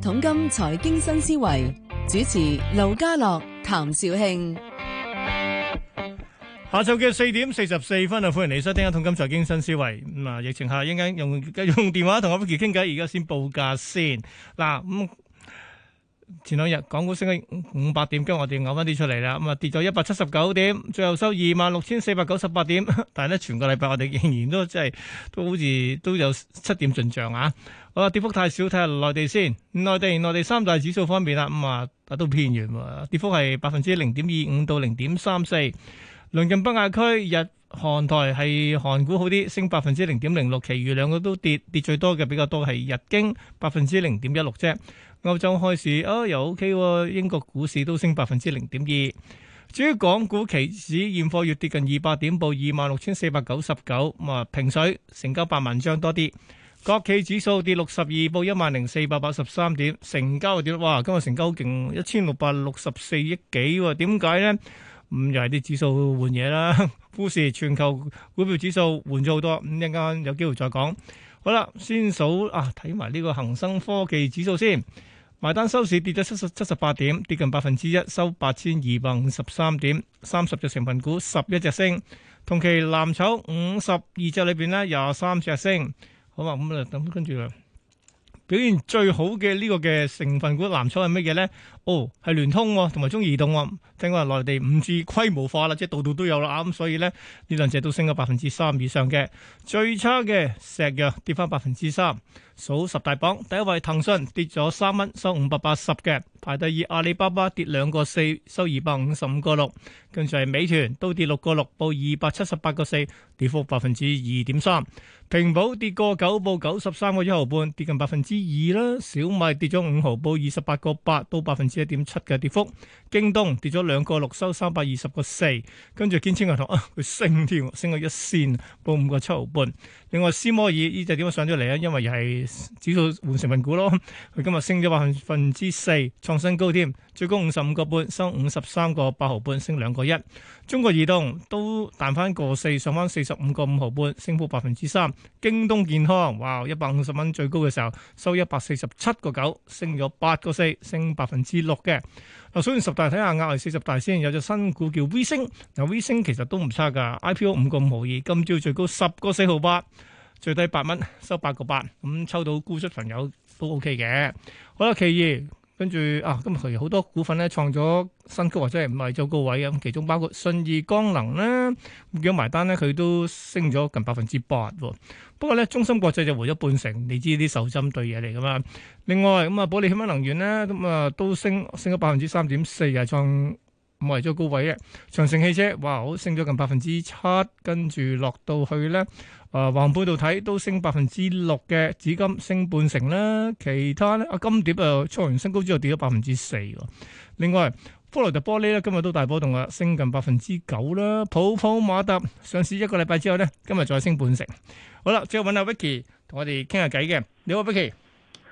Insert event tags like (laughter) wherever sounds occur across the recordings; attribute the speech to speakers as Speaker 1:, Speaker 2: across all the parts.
Speaker 1: 統金財經新思維主持盧家樂、譚兆慶，
Speaker 2: 下晝嘅四點四十四分啊，歡迎你收聽下《統金財經新思維》嗯。疫情下應該用用電話同阿 Vicky 傾偈，而家先報價先嗱咁。嗯前兩日港股升咗五百點，跟我哋咬翻啲出嚟啦，咁啊跌咗一百七十九點，最後收二萬六千四百九十八點，但係咧全個禮拜我哋仍然都即係都好似都有七點進賬啊！好啊，跌幅太少，睇下內地先。內地內地三大指數方面啦，咁、嗯、啊都偏軟啊，跌幅係百分之零點二五到零點三四。臨近北亞區日。韓台係韓股好啲，升百分之零點零六，其餘兩個都跌，跌最多嘅比較多係日經百分之零點一六啫。歐洲開市哦，又 OK 喎、哦，英國股市都升百分之零點二。至於港股期指現貨月，要跌近二百點，報二萬六千四百九十九，咁啊平水，成交八萬張多啲。國企指數跌六十二，報一萬零四百八十三點，成交啊哇，今日成交勁，一千六百六十四億幾，點解呢？咁、嗯、又係啲指數換嘢啦。股市全球股票指數換咗好多，咁陣間有機會再講。好啦，先數啊，睇埋呢個恒生科技指數先。埋單收市跌咗七十七十八點，跌近百分之一，收八千二百五十三點。三十隻成分股十一隻升，同期藍籌五十二隻裏邊呢，廿三隻升。好嘛，咁啊，等跟住啊。表現最好嘅呢個嘅成分股藍籌係乜嘢咧？哦，係聯通啊，同埋中移動啊。聽講話內地五 G 規模化啦，即係度度都有啦。咁所以咧，呢兩隻都升咗百分之三以上嘅，最差嘅石藥跌返百分之三。數十大榜第一位騰訊跌咗三蚊，收五百八十嘅；排第二阿里巴巴跌兩個四，收二百五十五個六；跟住係美團都跌六個六，報二百七十八個四，跌幅百分之二點三。平保跌個九，報九十三個一毫半，跌近百分之二啦。小米跌咗五毫，報二十八個八，到百分之一點七嘅跌幅。京東跌咗兩個六，收三百二十個四。跟住建設銀行啊，佢升添，升到一仙，報五個七毫半。另外思摩爾呢隻點樣上咗嚟啊？因為又係。指數換成份股咯，佢今日升咗百分之四，創新高添，最高五十五個半，收五十三個八毫半，升兩個一。中國移動都彈翻個四，上翻四十五個五毫半，升幅百分之三。京東健康哇，一百五十蚊最高嘅時候，收一百四十七個九，升咗八個四，升百分之六嘅。嗱，所以十大睇下，看看壓住四十大先，有一隻新股叫微星，嗱微星其實都唔差噶，IPO 五個五毫二，IPO5.5.2, 今朝最高十個四毫八。最低八蚊，收八個八咁，抽到沽出朋友都 O K 嘅。好啦，其二，跟住啊，今日譬如好多股份咧，創咗新高或者係賣咗高位嘅，其中包括信義光能咧，幾多埋單咧？佢都升咗近百分之八喎。不過咧，中芯國際就回咗半成，你知啲受針對嘢嚟噶嘛？另外咁啊，保利興發能源咧，咁啊都升升咗百分之三點四啊，創賣咗高位嘅長城汽車，哇，好升咗近百分之七，跟住落到去咧。啊，橫背度睇都升百分之六嘅，紫金升半成啦。其他咧，阿金碟啊，創完新高之後跌咗百分之四。另外，福萊特玻璃咧，今日都大波動啦，升近百分之九啦。普普馬達上市一個禮拜之後咧，今日再升半成。好啦，最後問下 Vicky 同我哋傾下偈嘅。你好，Vicky。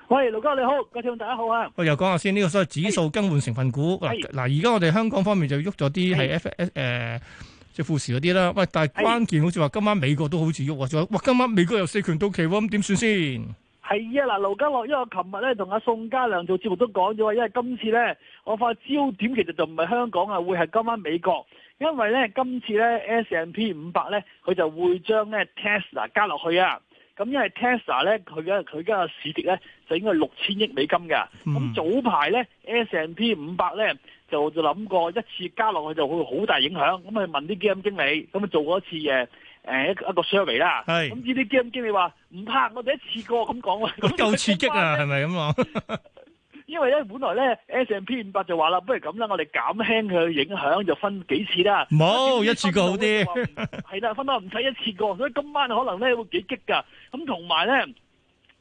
Speaker 2: 喂，盧哥你
Speaker 1: 好，各位朋友大家好呀。
Speaker 2: 我又講下先，呢個所謂指數更換成分股嗱嗱，而、哎、家我哋香港方面就喐咗啲係 F S 誒。即係富時嗰啲啦，喂！但係關鍵好似話今晚美國都好似喐啊，仲話，哇！今晚美國又四權到期喎，咁點算先？
Speaker 1: 係啊，嗱，盧嘉樂，因為我琴日咧同阿宋家良做節目都講咗，因為今次咧，我發覺焦點其實就唔係香港啊，會係今晚美國，因為咧今次咧 S&P 五百咧，佢就會將咧 Tesla 加落去啊。咁因為 Tesla 咧，佢嘅佢而家嘅市值咧，就應該係六千億美金嘅。咁早排咧 S&P 五百咧。就就諗過一次加落去就會好大影響，咁去問啲基金經理，咁咪做過一次誒誒一一個 survey 啦。係，咁呢啲基金經理話唔怕，我哋一次過咁講喎。咁夠
Speaker 2: 刺激啊，係咪咁啊？
Speaker 1: 因為咧本來咧 S and P 五百就話啦，不如咁啦，我哋減輕佢影響，就分幾次啦。冇一次過好啲。係啦，分多唔使一次過，所以今晚可能咧會幾激噶。咁同埋咧。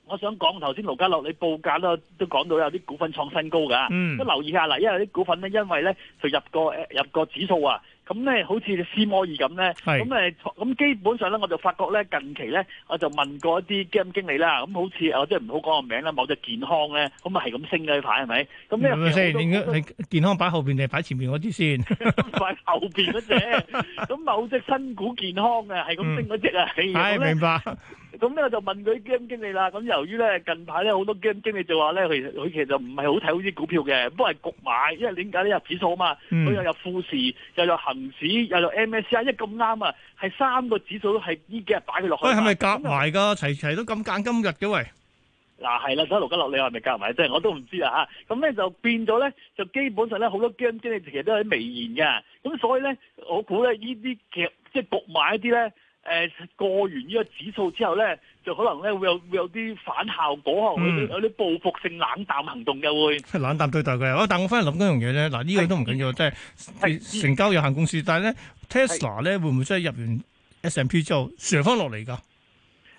Speaker 1: 我想講頭先盧家樂，你報價都都講到有啲股份創新高㗎。咁留意下啦，因為啲股份咧，因為咧佢入個入個指數啊，咁咧好似斯摩爾咁咧，咁誒咁基本上咧，我就發覺咧近期咧，我就問過一啲基金經理啦，咁好似我即係唔好講個名啦，某隻健康咧，咁咪係咁升嘅呢排係咪？咁咩？咪升？你你
Speaker 2: 健康擺後邊定擺前邊嗰啲先？
Speaker 1: 擺後邊嗰隻，咁某隻新股健康嘅係咁升嗰隻啊？係明白。咁咧我就問佢基金經理啦。咁由於咧近排咧好多基金經理就話咧，佢佢其實唔係好睇好啲股票嘅，不過係焗買。因為點解呢？咧，指數啊嘛，佢、嗯、又有富時，又有恒指，又有 MSCI，一咁啱啊，係三個指數都係呢幾日擺佢落去。佢係咪夾
Speaker 2: 埋噶？齊齊都咁揀今日嘅喂？
Speaker 1: 嗱係啦，睇盧吉樂，你話係咪夾埋即啫？我都唔知啊嚇。咁咧就變咗咧，就基本上咧好多基金經理其實都喺微言嘅。咁所以咧，我估咧呢啲劇即係焗買一啲咧。誒過完呢個指數之後咧，就可能咧會有會有啲反效果啊，可能會有啲有啲報復性冷淡行動嘅會，嗯、
Speaker 2: 冷淡對待佢，我但我反而諗緊樣嘢咧，嗱呢個都唔緊要，即係成交有限公司。但係咧 Tesla 咧會唔會真係入完 S&P 之後上翻落嚟㗎？誒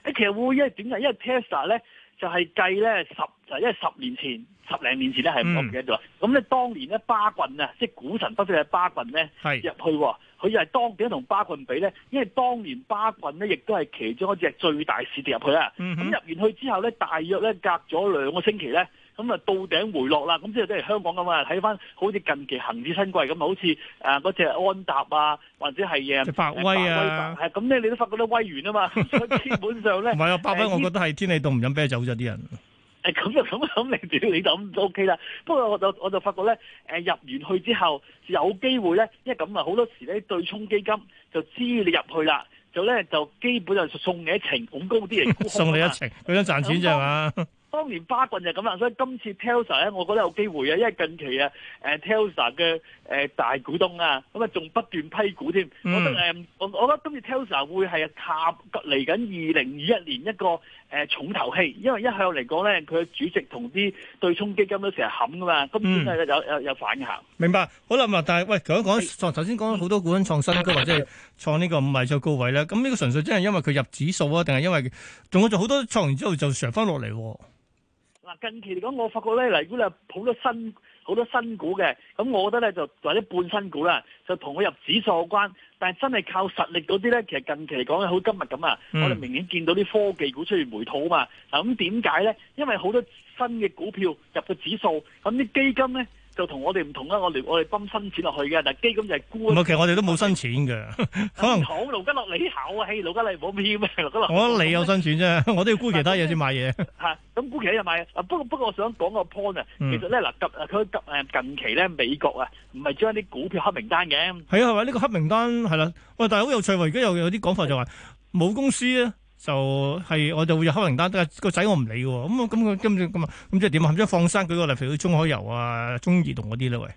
Speaker 1: 其實會因為點解？因為 Tesla 咧就係計咧十，就係因為十年前十零年前咧係唔記得咗。咁咧當年咧巴郡啊，即係股神，不對，係巴郡咧入去喎。佢又係當年同巴郡比咧，因為當年巴郡咧亦都係其中一隻最大市跌入去啦。咁入完去之後咧，大約咧隔咗兩個星期咧，咁啊到頂回落啦。咁之後即係香港咁啊，睇翻好似近期恆指新貴咁好似誒嗰隻安踏啊，或者係嘢發威啊。咁咧，你都發覺得威完啊嘛。所以基本上咧，
Speaker 2: 唔係啊，百威，我覺得係天氣凍唔飲啤酒咗啲人。
Speaker 1: 咁 (laughs) 就咁咁你你咁就 O K 啦。不過我就我就發覺咧，誒入完去之後有機會咧，因為咁啊好多時咧對沖基金就知你入去啦，就咧就基本就送你一程，恐高啲嚟 (laughs) 送你一程，
Speaker 2: 佢想賺錢啫嘛。 (laughs)
Speaker 1: 當年巴郡就咁啦，所以今次 Tesla 咧，我覺得有機會啊，因為近期啊，誒 Tesla 嘅誒大股東啊，咁啊仲不斷批股添。我覺得誒，我我覺得今次 Tesla 會係踏嚟緊二零二一年一個誒重頭戲，因為一向嚟講咧，佢嘅主席同啲對沖基金都成日冚噶嘛，今次啊有有有反行。
Speaker 2: 明白，好啦嘛，但係喂，講講頭先講好多股份創新，咁或者係創呢個唔係最高位咧，咁呢個純粹真係因為佢入指數啊，定係因為仲有就好多創完之後就上翻落嚟？
Speaker 1: 嗱，近期嚟講，我發覺咧，例如如果你好多新好多新股嘅，咁我覺得咧就或者半新股啦，就同佢入指數有關，但係真係靠實力嗰啲咧，其實近期嚟講咧，好似今日咁啊，我哋明顯見到啲科技股出現回吐啊嘛。嗱，咁點解咧？因為好多新嘅股票入個指數，咁啲基金咧。就我同我哋唔同啦，我我哋冇新錢落去嘅，但係基金就係沽。唔係，其
Speaker 2: 實我哋都冇新錢嘅。可能考
Speaker 1: 盧吉樂，你考啊？嘿，盧吉樂冇票咩？盧吉樂，我覺得你
Speaker 2: 有新錢啫，我都 (laughs) (laughs) 要沽其他嘢先買嘢。
Speaker 1: 嚇、嗯，咁沽其他嘢買嘢。不過不過，我想講個 point 啊、嗯，其實咧嗱近佢近近期咧，美國啊唔係將啲股票黑名單嘅。
Speaker 2: 係啊係咪？呢、呢個黑名單係啦。喂、啊，但係好有趣喎，而家有有啲講法就話、是、冇 (laughs) 公司啊。就係我就會有黑名單，但係個仔我唔理嘅，咁咁佢今次咁啊，咁即係點啊？冚咗，放生，舉個例譬如中海油啊、中移動嗰啲咧，喂，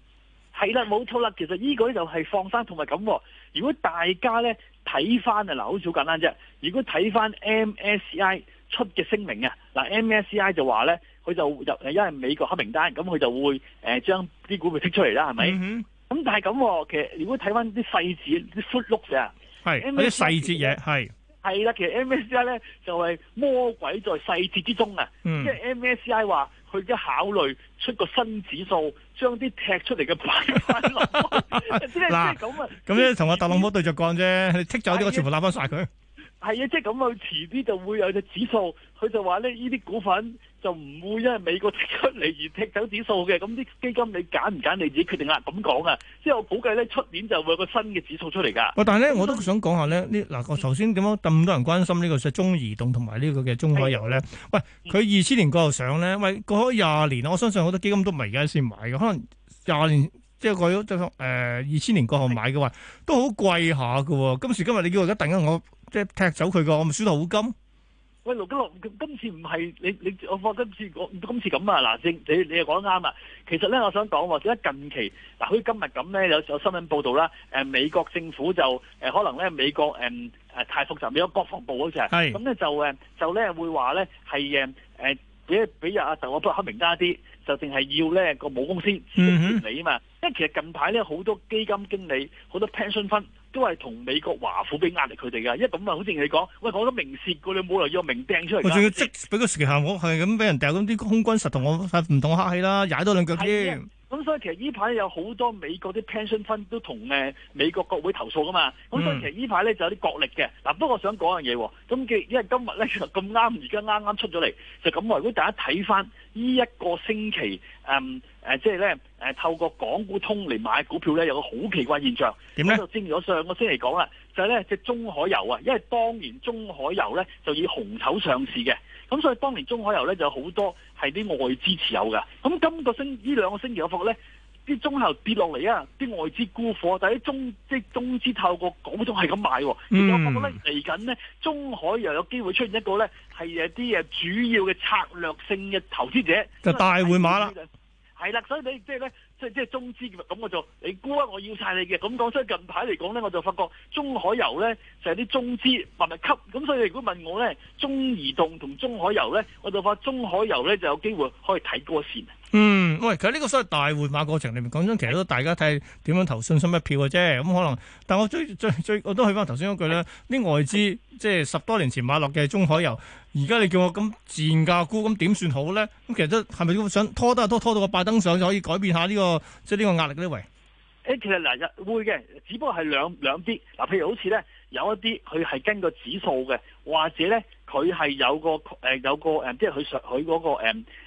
Speaker 1: 係啦，冇錯啦，其實依個咧就係放生同埋咁。如果大家咧睇翻啊嗱，好似好簡單啫。如果睇翻 MSCI 出嘅聲明啊，嗱，MSCI 就話咧，佢就入，因為美國黑名單，咁、嗯、佢就會誒、呃、將啲股票剔出嚟啦，係咪？咁、mm-hmm. 但係咁、哦，其實如果睇翻啲細字、啲 footnote 啊，
Speaker 2: 係嗰啲細節嘢係。嗯
Speaker 1: 係啦， (music) 其實 MSCI 咧就係魔鬼在細節之中啊！即係 MSCI 話佢一考慮出個新指數，將啲踢出嚟嘅擺翻落。嗱咁啊，咁咧
Speaker 2: 同阿特朗普對着幹啫，你剔走啲我全部攬
Speaker 1: 翻晒佢。欸係啊，即係咁啊，遲啲就會有隻指數，佢就話咧，呢啲股份就唔會因為美國出嚟而踢走指數嘅。咁啲基金你揀唔揀你自己決定啦。咁講啊，即係我估計咧，出年就會有個新嘅指數出嚟噶。喂，但係咧，我
Speaker 2: 都想講下咧，呢嗱，我頭先點樣咁多人關心呢個中移動同埋呢個嘅中海油咧？喂，佢二千年過後上咧，喂，過去廿年，我相信好多基金都唔係而家先買嘅，可能廿年即係、就係、過咗，誒二千年過後買嘅話，都好貴下喎。今時今日你叫我而家等緊我。即係踢走佢個，我咪輸晒股金。
Speaker 1: 喂，盧金樂，今次唔係你你我，今次我今次咁啊嗱，正你你又講得啱啊。其實咧，我想講或者近期嗱，好似今日咁咧，有有新聞報道啦。誒，美國政府就誒可能咧，美國誒誒太複雜，俾咗國防部嗰隻。係。咁咧就誒就咧會話咧係誒誒俾俾阿阿杜阿波黑名單啲，就淨係要咧個母公司自己
Speaker 2: 管理
Speaker 1: 啊嘛。因為其實近排咧好多基金經理，好多 pension fund。都係同美國華府俾壓力佢哋，因為咁啊，好似你哋講，喂，講咗明蝕嘅，你冇嚟要明掟出嚟。我仲要即
Speaker 2: 俾個時限我，係咁俾人掉，咁啲空軍實同我唔同我客氣啦，踩多兩腳添。
Speaker 1: 咁所以其實呢排有好多美國啲 pension fund 都同誒美國國會投訴嘅嘛。咁所以其實呢排咧就有啲角力嘅。嗱，嗯，不過我想講一樣嘢喎。咁嘅，因為今日咧其實咁啱，而家啱啱出咗嚟，就咁。如果大家睇翻呢一個星期，嗯。誒、啊，即係咧，誒、啊，透過港股通嚟買股票咧，有個好奇怪現象。點咧？正如我上個星期講啦，就係咧隻中海油啊，因為當年中海油咧就以紅籌上市嘅，咁所以當年中海油咧就有好多係啲外資持有噶。咁今個星呢兩個星期，星期我發覺咧啲中海油跌落嚟啊，啲外資沽貨，但係啲中即係中資透過港股通係咁買。喎、嗯。所以我覺得嚟緊咧，中海油有機會出現一個咧係有啲誒主要嘅策略性嘅投資者，就大會買啦。係啦，所以你即係咧，即係即係中資咁我就，你估啊，我要曬你嘅咁講。所以近排嚟講咧，我就發覺中海油咧成啲中資默默吸。咁所以如果問我咧，中移動同中海油咧，我就發中海油咧就有機會可以睇高線。
Speaker 2: 嗯，喂，其實呢個所謂大換馬過程裏面，講真，其實都大家睇點樣投信心一票嘅啫。咁可能，但我最最最，我都去翻頭先嗰句咧，啲外資即係十多年前買落嘅中海油，而家你叫我咁賤價沽，咁點算好咧？咁其實都係咪想拖得係拖，拖到個拜登上，就可以改變下呢、這個即係呢個壓力呢喂？
Speaker 1: 誒，其實嗱，會嘅，只不過係兩兩啲。嗱，譬如好似咧有一啲佢係跟個指數嘅，或者咧佢係有個誒有個誒，即係佢佢嗰個誒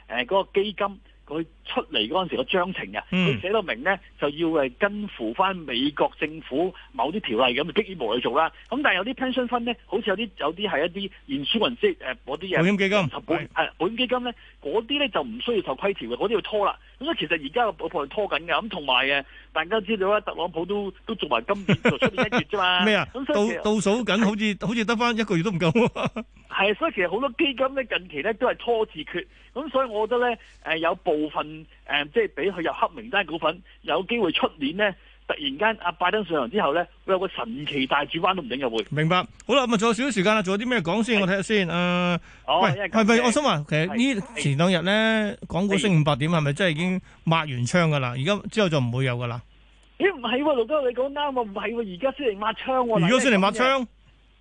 Speaker 1: 誒嗰個基金。佢出嚟嗰陣時個章程嘅，佢、嗯、寫到明咧就要誒跟附翻美國政府某啲條例咁，就激須無去做啦。咁但係有啲 pension 分咧，好似有啲有啲係一啲原時文即係嗰啲嘢，保險基金係保險基金咧，嗰啲咧就唔需要受規條嘅，嗰啲要拖啦。咁其實而家個保伐拖緊嘅。咁同埋大家都知道啦特朗普都都做埋今年就出一月咋嘛？咩
Speaker 2: (laughs) 啊？倒倒數緊， (laughs) 好似好似得翻一個月都唔夠。
Speaker 1: 係，所以其實好多基金咧，近期咧都係拖字訣，咁所以我覺得咧，誒有部分誒、呃、即係俾佢入黑名單股份，有機會出年咧，突然間阿拜登上台之後咧，會有個神奇大轉彎都唔定入會。
Speaker 2: 明白。好啦，咁啊仲有少少時間啦，仲有啲咩講先？我睇下先。誒、呃哦，喂，係咪我想問？其實前呢前兩日咧，港股升五百點，係咪真係已經抹完窗噶啦？而家之後就唔會有噶啦？
Speaker 1: 咦唔係喎，盧、啊、哥，你講啱喎，唔係喎，而家先嚟抹窗喎。而家先嚟抹窗。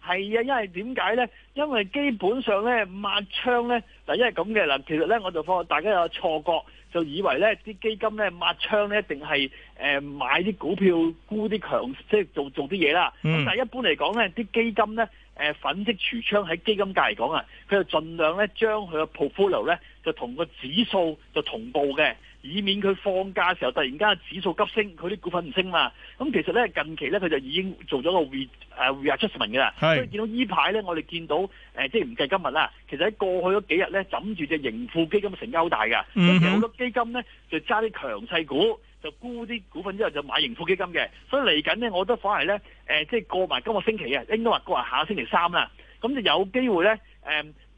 Speaker 1: 係啊，因為點解咧？因為基本上咧，抹窗咧，嗱，因為咁嘅嗱，其實咧，我就怕大家有錯覺，就以為咧，啲基金咧，抹窗咧，定呃、一定係誒買啲股票沽啲強，即係做做啲嘢啦。咁、嗯、但係一般嚟講咧，啲基金咧，誒、呃，粉飾櫥窗喺基金界嚟講啊，佢就盡量咧將佢嘅 portfolio 咧，就同個指數就同步嘅。以免佢放假嘅時候突然間指數急升，佢啲股份唔升嘛。咁、嗯、其實咧，近期咧，佢就已經做咗個 re 誒 reduction 嘅啦。所以見到依排咧，我哋見到、呃、即係唔計今日啦，其實喺過去嗰幾日咧，枕住隻盈富基金成交大㗎。咁其實好多基金咧，就揸啲強勢股，就沽啲股份之後就買盈富基金嘅。所以嚟緊咧，我覺得反而咧、呃、即係過埋今個星期啊，應該話過埋下個星期三啦。咁就有機會咧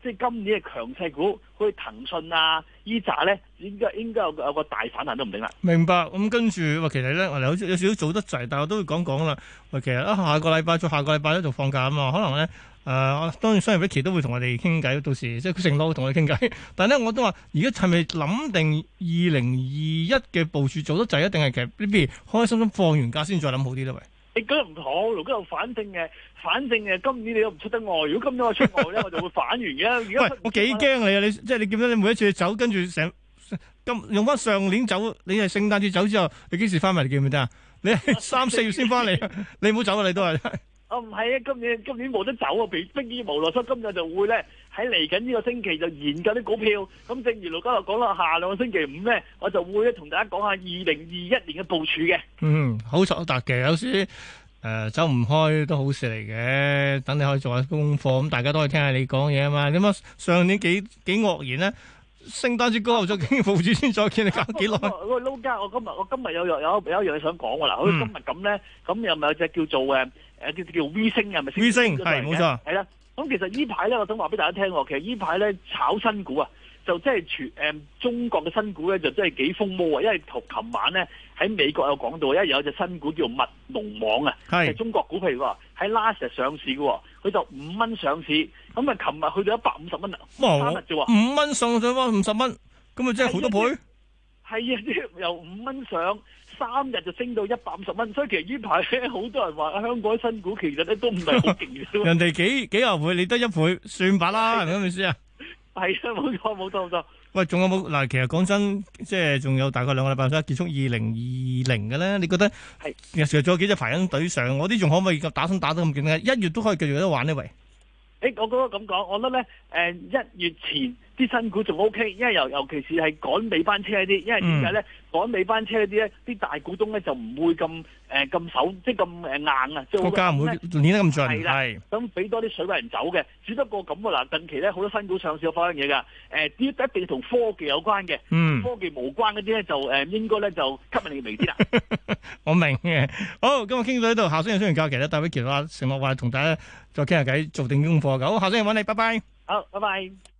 Speaker 1: 即係今年嘅強勢股，好似騰訊啊、E 渣咧，應該應該有有個大反彈都唔定
Speaker 2: 啦。明白。咁跟住話，其實咧，我哋有有少少早得滯，但係我都會講講啦。話其實啊，下個禮拜再下個禮拜咧，就放假啊嘛。可能咧，誒、呃，當然雖然 Vicky 都會同我哋傾偈，到時即係佢成日都同我哋傾偈。但係咧，我都話而家係咪諗定二零二一嘅部署做得滯，定係其實你不如開開心心放完假先再諗好啲咧？
Speaker 1: 你覺得唔妥，如果有反正嘅，反正嘅。今年你又唔出得外，如果今年我出外咧， (laughs) 我就會反
Speaker 2: 完嘅。而家我幾驚你啊！你即係你見到你每一次走，跟住成今用翻上年走，你係聖誕節走之後，你幾時翻埋你見唔見得啊？你三四月先翻嚟，你唔好 (laughs) (laughs) 走啊！你都係。 (laughs)
Speaker 1: 我唔係啊！今年今年冇得走啊！迫於無奈，所以今日就會咧喺嚟緊呢個星期就研究啲股票。咁正如盧嘉樂講啦，下兩個星期五咧，我就會咧同大家講下二零二一年嘅部署嘅。嗯，
Speaker 2: 好闖突嘅，有時誒走唔開都好事嚟嘅。等你可以做下功課，咁大家都可以聽下你講嘢啊嘛。點啊？上年幾幾愕然咧？聖誕節過後再傾，副主先再見你搞幾耐？
Speaker 1: 我撈家，我今日我今日有有有，有一、嗯、樣嘢想講嘅啦，好似今日咁咧，咁又咪有隻叫做誒誒、啊、叫叫 V 星嘅，係咪 V 星？係冇錯，係啦。咁其實這呢排咧，我想話俾大家聽，其實呢排咧炒新股啊，就即係全誒、嗯、中國嘅新股咧，就真係幾風魔啊。因為同琴晚咧喺美國有講到，因為有一有隻新股叫麥農網啊，係中國股譬如喺 Last 上市嘅。佢就五蚊上市，咁啊，琴日去到一百五十蚊啦，三日啫喎，五
Speaker 2: 蚊上到翻五十蚊，咁啊，真係好多倍。
Speaker 1: 係啊，由五蚊上，三日就升到一百五十蚊，所以其實呢排咧，好多人話香港新股其實咧都唔係好勁嘅。
Speaker 2: 人哋幾幾十倍，你得一倍，算罷啦，係咪先啊？係啊，
Speaker 1: 冇錯冇錯冇錯。
Speaker 2: 喂，仲有冇嗱？其實講真，即係仲有大概兩個禮拜先結束二零二零嘅咧。你覺得係其實仲有幾隻排緊隊上？我啲仲可唔可以夠打新打得咁勁㗎？一月都可以繼續有得玩呢喂！
Speaker 1: 誒、欸，我覺得咁講，我覺得咧，誒、呃、一月前。啲新股仲 OK，因為尤尤其是係趕尾班車啲，因為點解咧？趕尾班車啲咧，啲大股東咧就唔會咁誒咁手，即係咁誒硬啊！國家唔會碾得咁盡係。咁俾多啲水位人走嘅，只不過咁啊嗱。近期咧好多新股上市放緊嘢噶，誒，只要一定同科技有關嘅，科技無關嗰啲咧就誒，應該咧就吸引你未知啦。
Speaker 2: 我明嘅好，今日傾到呢度，下星期嘅專欄假期咧，戴偉傑啊，成日話同大家再傾下偈，做定功課。好，下星期又揾你，拜拜。
Speaker 1: 好，拜拜。